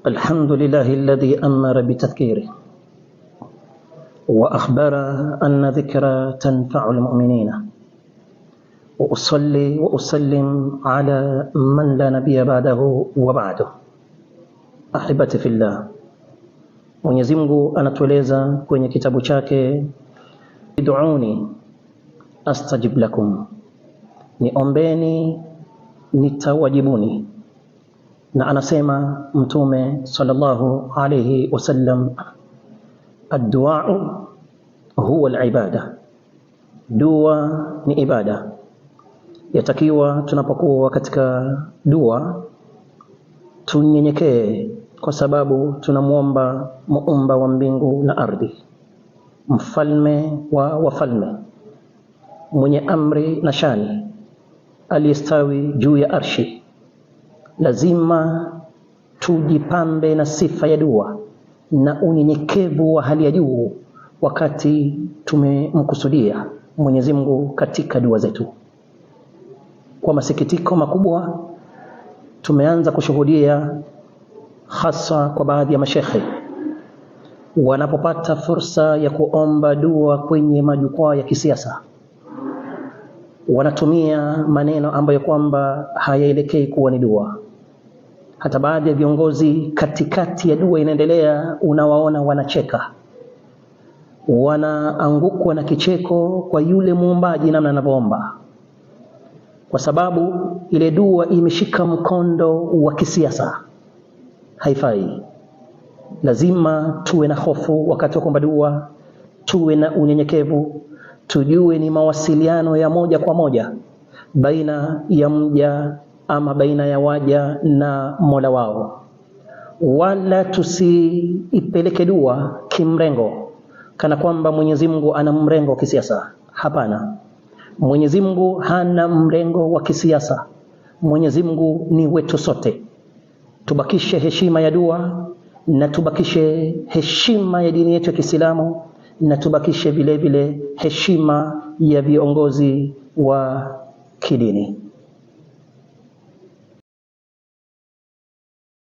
الحمد لله الذي أمر بتذكيره وأخبر أن ذكرى تنفع المؤمنين وأصلي وأسلم على من لا نبي بعده وبعده Ahibati fillah, Mwenyezi Mungu anatueleza kwenye kitabu chake, iduuni astajib lakum, niombeni nitawajibuni na anasema Mtume sallallahu alayhi wasallam, adduau huwa alibada, dua ni ibada. Yatakiwa tunapokuwa katika dua tunyenyekee, kwa sababu tunamwomba muumba wa mbingu na ardhi, mfalme wa wafalme, mwenye amri na shani, aliyestawi juu ya arshi lazima tujipambe na sifa ya dua na unyenyekevu wa hali ya juu wakati tumemkusudia Mwenyezi Mungu katika dua zetu. Kwa masikitiko makubwa, tumeanza kushuhudia hasa kwa baadhi ya mashekhe wanapopata fursa ya kuomba dua kwenye majukwaa ya kisiasa wanatumia maneno ambayo kwamba hayaelekei kuwa ni dua. Hata baadhi ya viongozi katikati ya dua inaendelea, unawaona wanacheka, wanaangukwa na kicheko kwa yule muombaji, namna anavyoomba, kwa sababu ile dua imeshika mkondo wa kisiasa. Haifai, lazima tuwe na hofu wakati wa kuomba dua, tuwe na unyenyekevu, tujue ni mawasiliano ya moja kwa moja baina ya mja ama baina ya waja na Mola wao, wala tusiipeleke dua kimrengo, kana kwamba Mwenyezi Mungu ana mrengo wa kisiasa. Hapana, Mwenyezi Mungu hana mrengo wa kisiasa. Mwenyezi Mungu ni wetu sote, tubakishe heshima ya dua na tubakishe heshima ya dini yetu ya Kiislamu na tubakishe vilevile heshima ya viongozi wa kidini.